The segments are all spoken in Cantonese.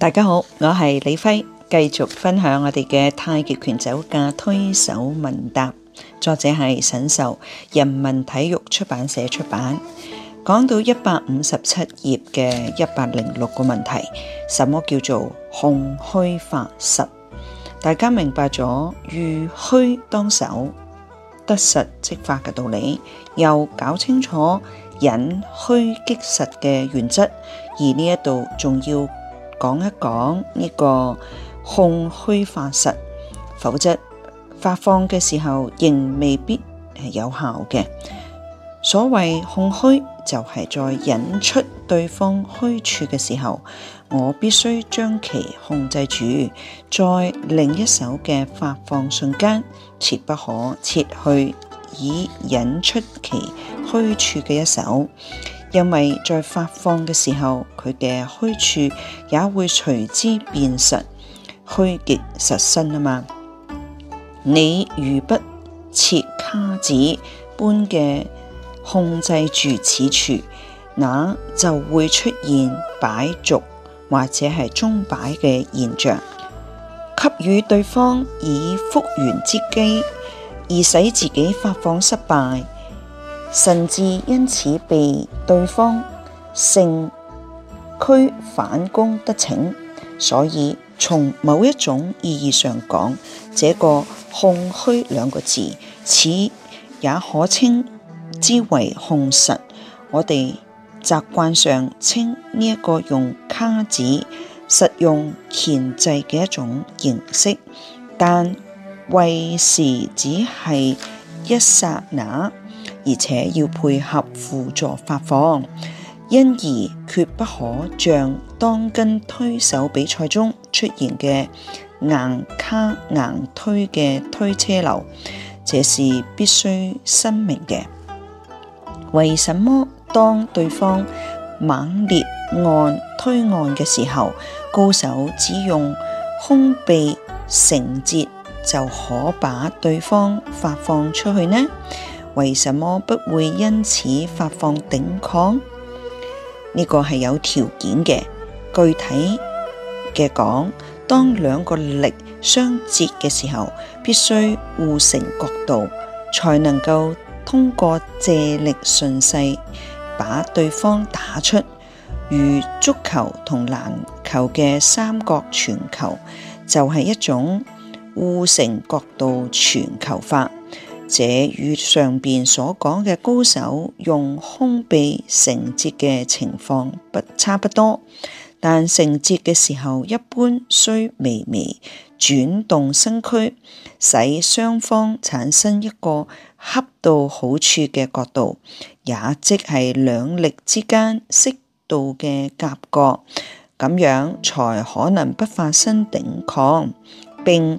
大家好，我係李輝，繼續分享我哋嘅《太極拳走架推手問答》，作者係沈壽，人民體育出版社出版。講到一百五十七頁嘅一百零六個問題，什麼叫做空虛發實？大家明白咗遇虛當守得實即發嘅道理，又搞清楚引虛擊實嘅原則，而呢一度仲要。講一講呢個控虛法實，否則發放嘅時候仍未必係有效嘅。所謂控虛，就係、是、在引出對方虛處嘅時候，我必須將其控制住，在另一手嘅發放瞬間，切不可切去以引出其虛處嘅一手。因為在發放嘅時候，佢嘅虛處也會隨之變實，虛極實身啊嘛！你如不設卡子般嘅控制住此處，那就會出現擺軸或者係鐘擺嘅現象，給予對方以復原之機，而使自己發放失敗。甚至因此被對方乘虛反攻得逞，所以從某一種意義上講，這個控虛兩個字，此也可稱之為控實。我哋習慣上稱呢一個用卡紙實用鉗制嘅一種形式，但為時只係一刹那。而且要配合輔助發放，因而決不可像當今推手比賽中出現嘅硬卡硬推嘅推車流，這是必須申明嘅。為什麼當對方猛烈按推按嘅時候，高手只用胸臂承接就可把對方發放出去呢？為什麼不會因此發放頂抗？呢、這個係有條件嘅，具體嘅講，當兩個力相接嘅時候，必須互成角度，才能夠通過借力順勢把對方打出。如足球同籃球嘅三角傳球，就係、是、一種互成角度傳球法。這與上邊所講嘅高手用胸臂承接嘅情況不差不多，但承接嘅時候一般需微微轉動身軀，使雙方產生一個恰到好處嘅角度，也即係兩力之間適度嘅夾角，咁樣才可能不發生頂抗並。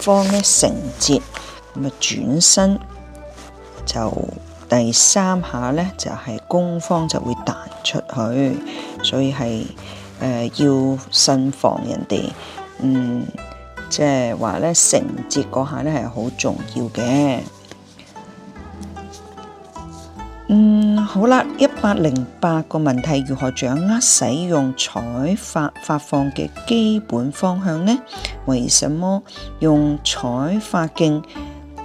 方咧承接，咁啊轉身就第三下咧就係、是、攻方就會彈出去，所以係誒、呃、要慎防人哋，嗯，即係話咧承接嗰下咧係好重要嘅。好啦，一百零八個問題，如何掌握使用採發發放嘅基本方向呢？為什麼用採發勁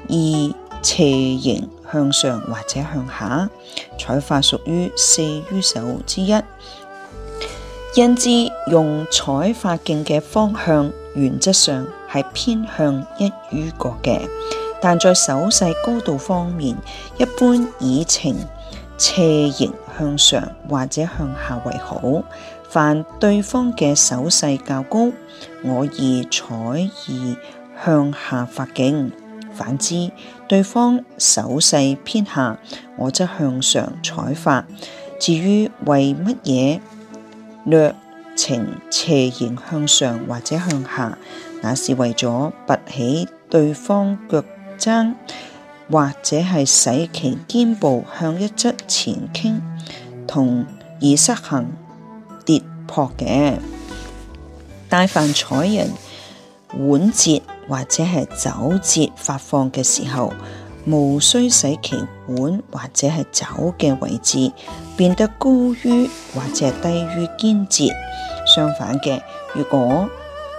以斜形向上或者向下？採發屬於四隅手之一，因之用採發勁嘅方向原則上係偏向一隅角嘅，但在手勢高度方面，一般以呈斜形向上或者向下為好，凡對方嘅手勢較高，我以採以向下發勁；反之，對方手勢偏下，我則向上採發。至於為乜嘢略呈斜形向上或者向下，那是為咗拔起對方腳踭。或者係使其肩部向一側前傾，同而失衡跌撲嘅。大凡彩人碗節或者係酒節發放嘅時候，無需使其碗或者係酒嘅位置變得高於或者係低於肩節。相反嘅，如果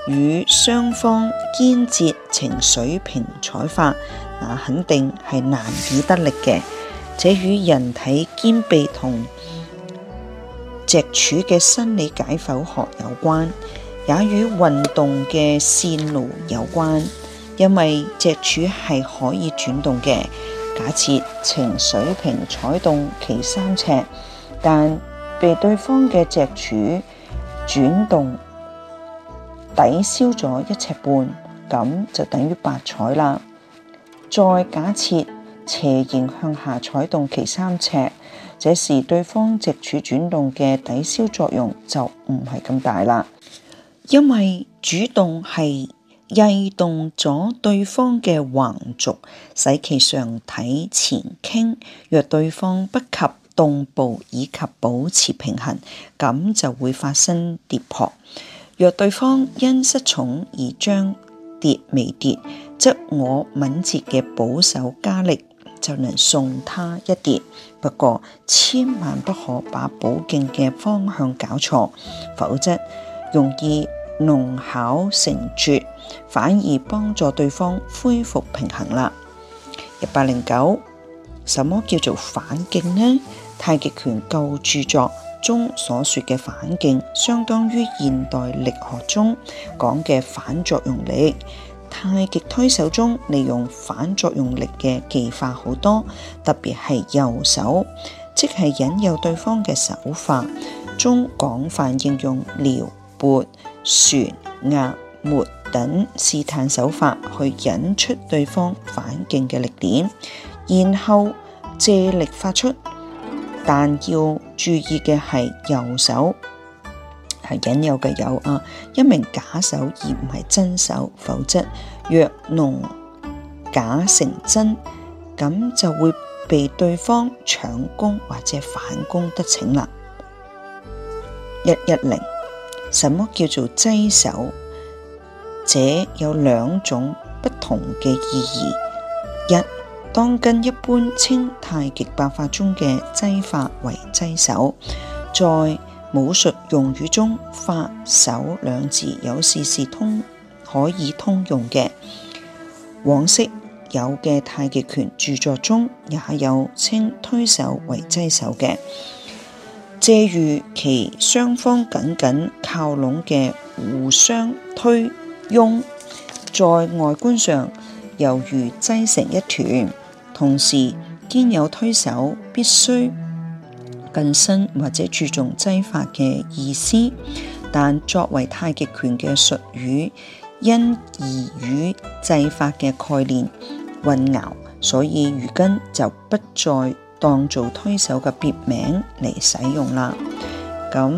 與雙方肩節呈水平彩發。啊，肯定係難以得力嘅。這與人體肩臂同脊柱嘅生理解剖學有關，也與運動嘅線路有關。因為脊柱係可以轉動嘅。假設呈水平採動其三尺，但被對方嘅脊柱轉動抵消咗一尺半，咁就等於白採啦。再假設斜形向下採動其三尺，這時對方直柱轉動嘅抵消作用就唔係咁大啦，因為主動係曳動咗對方嘅橫軸，使其上體前傾。若對方不及動步以及保持平衡，咁就會發生跌撲。若對方因失重而將跌未跌。則我敏捷嘅保守加力就能送他一跌，不過千萬不可把保勁嘅方向搞錯，否則容易弄巧成拙，反而幫助對方恢復平衡啦。一百零九，什麼叫做反勁呢？太極拳舊著作中所說嘅反勁，相當於現代力學中講嘅反作用力。太極推手中利用反作用力嘅技法好多，特別係右手，即係引誘對方嘅手法中廣泛應用撩、撥、旋、壓、抹等試探手法去引出對方反勁嘅力點，然後借力發出。但要注意嘅係右手。引有嘅有啊，一名假手而唔係真手，否則若弄假成真，咁就會被對方搶攻或者反攻得逞啦。一一零，什麼叫做擠手？這有兩種不同嘅意義。一，當跟一般稱太極八法中嘅擠法為擠手。再。武術用語中，法「發手」兩字有時是通可以通用嘅。往昔有嘅太極拳著作中，也有稱推手為擠手嘅。借喻其雙方緊緊靠攏嘅互相推擁，在外觀上猶如擠成一團，同時兼有推手必須。近身或者注重制法嘅意思，但作為太極拳嘅術語，因而與制法嘅概念混淆，所以如今就不再當做推手嘅別名嚟使用啦。咁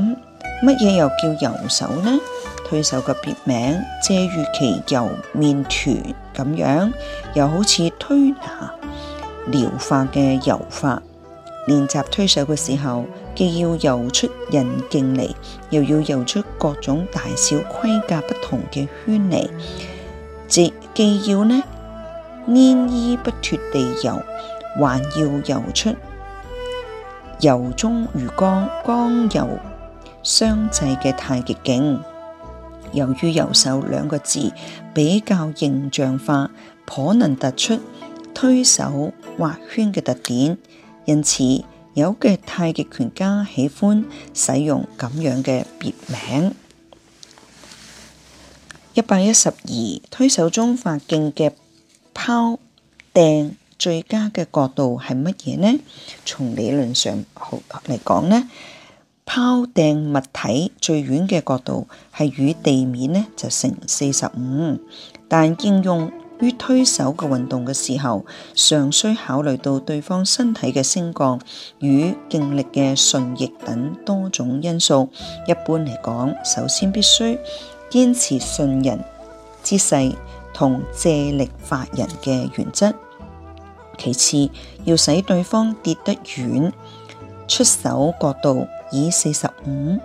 乜嘢又叫揉手呢？推手嘅別名，借與其揉麵糰咁樣，又好似推拿療法嘅揉法。練習推手嘅時候，既要游出人勁嚟，又要游出各種大小規格不同嘅圈嚟，既既要呢粘衣不脫地游，還要游出柔中如剛剛柔相濟嘅太極境。由於“游手”兩個字比較形象化，頗能突出推手劃圈嘅特點。因此，有嘅太極拳家喜歡使用咁樣嘅別名。一百一十二推手中發勁嘅拋掟最佳嘅角度係乜嘢呢？從理論上嚟講呢，拋掟物體最遠嘅角度係與地面呢就成四十五，但應用，於推手嘅運動嘅時候，常需考慮到對方身體嘅升降與勁力嘅順逆等多種因素。一般嚟講，首先必須堅持順人之勢同借力發人嘅原則。其次，要使對方跌得遠，出手角度以四十五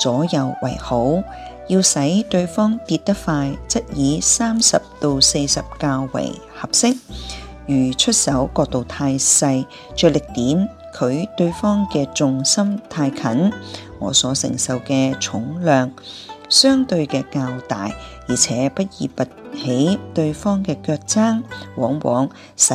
左右為好。要使對方跌得快，則以三十到四十較為合適。如出手角度太細，着力點距對方嘅重心太近，我所承受嘅重量相對嘅較大，而且不易拔起對方嘅腳踭，往往使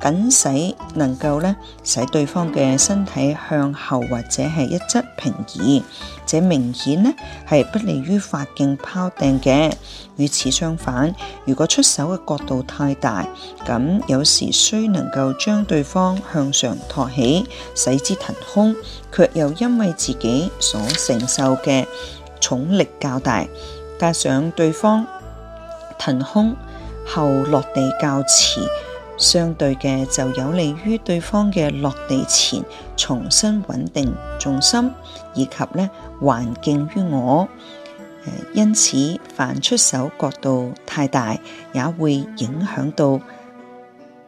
僅使能夠呢使對方嘅身體向後或者係一側平移，這明顯呢係不利於發勁拋掟嘅。與此相反，如果出手嘅角度太大，咁有時雖能夠將對方向上托起，使之騰空，卻又因為自己所承受嘅重力較大，加上對方騰空後落地較遲。相對嘅就有利於對方嘅落地前重新穩定重心，以及呢還敬於我、呃。因此，凡出手角度太大，也會影響到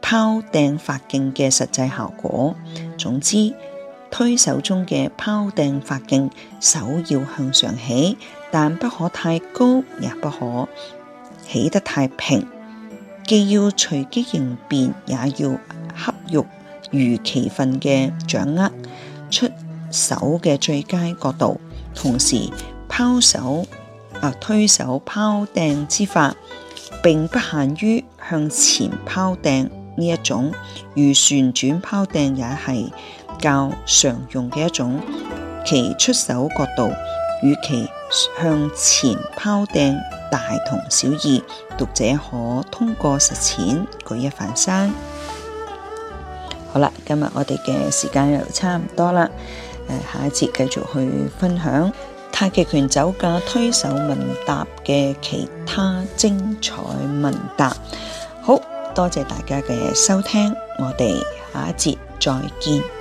拋掟發勁嘅實際效果。總之，推手中嘅拋掟發勁手要向上起，但不可太高，也不可起得太平，既要隨機應變，也要恰如其分嘅掌握出手嘅最佳角度。同時，拋手啊推手拋掟之法，並不限於向前拋掟呢一種，如旋轉拋掟也係較常用嘅一種。其出手角度與其向前拋掟。大同小異，讀者可通過實踐舉一反三。好啦，今日我哋嘅時間又差唔多啦，下一節繼續去分享太極拳走架推手問答嘅其他精彩問答。好多謝大家嘅收聽，我哋下一節再見。